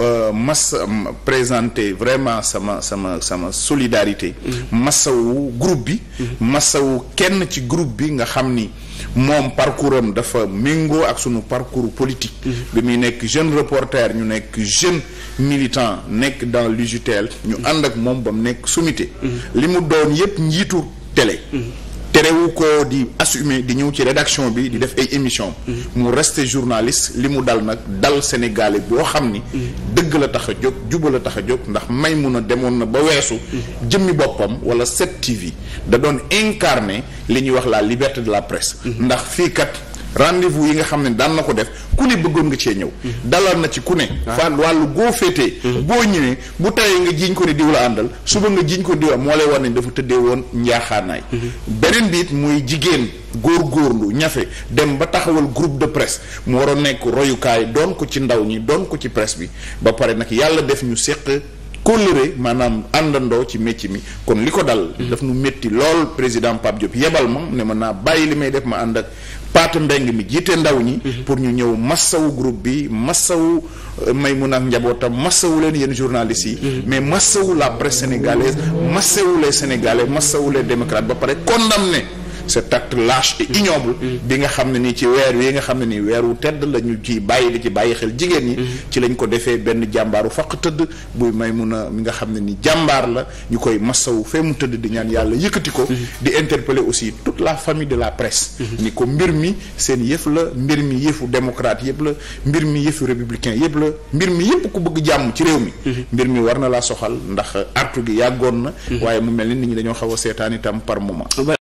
Euh, mas euh, présenter vraiment sama sama sama solidarité mm-hmm. masawu groupe bi mm-hmm. masawu kenn ci groupe bi nga xam ni moom parcours am dafa méngoo ak sunu parcours politique mm-hmm. bi muy nekk jeune reporter ñu nekk jeune militant nekk dans l'UJTL ñu ànd ak moom bam nekk sommité li mu doon yépp njiitu télé terewu ko di assumer di ñëw ci rédaction bi di def ay émission mu reste journaliste li mu dal nag dal sénégalais boo xam ni dëgg la tax a jóg jubal a tax a jóg ndax may mun a demoon na ba weesu jëmmi boppam wala 7TV da doon incarner li ñuy wax la liberté de la presse ndax fii kat rendez-vous yi nga xam ne daan na ko def ku ne bëggoon nga cee ñëw mhm. dalal na ci ku ne ah. fan wàllu goo féetee mhm. boo ñëwee bu tawee nga jiñ ko ne diw la àndal suba nga jiñ ko diw moo lay war nañ dafa tëddee woon njaaxaanaay mhm. beneen biit muy jigéen góor góorgóorlu ñafe dem ba taxawal groupe de presse mu war a nekk royukaay doon ko ci ndaw ñi doon ko ci press bi ba pare nag yàlla def ñu seq kóllëre maanaam àndandoo ci métti mi kon li ko dal daf nu métti lool président Pape Diop ma ne naa bàyyi li may def ma ànd paatu mbeng mi jiite ndaw ñi mhm. pour ñu ñëw massawu groupe bi massawu euh, Maymuna ak njabootam massawu leen yéen journalistes yi mhm. mais massawu la presse sénégalaise massawu les sénégalais massawu les démocrates ba pare condamné cet tat lâche et bi nga xam ne nii ci weer wi nga xam ne ni weer wu tedd la ñu ci bàyyi di ci bàyyi xel jigéen ñi mm-hmm. ci lañ ko defee benn jàmbaaru faq tëdd buy may mun a mi nga xam ne ni jàmbaar la ñu koy massawu fee mu tëdd di ñaan yàlla yëkkati ko mm-hmm. di interpeller aussi toute la famille de la presse mm-hmm. ni ko mbir mi seen yëf la mbir mi yëfu démocrate yëpp la mbir mi yëfu républicain yëpp la mbir mi yëpp ku bëgg jàmm ci réew mi mbir mi war na laa soxal ndax artu gi yàggoon na waaye mu mel ni nit dañoo xaw seetaan itam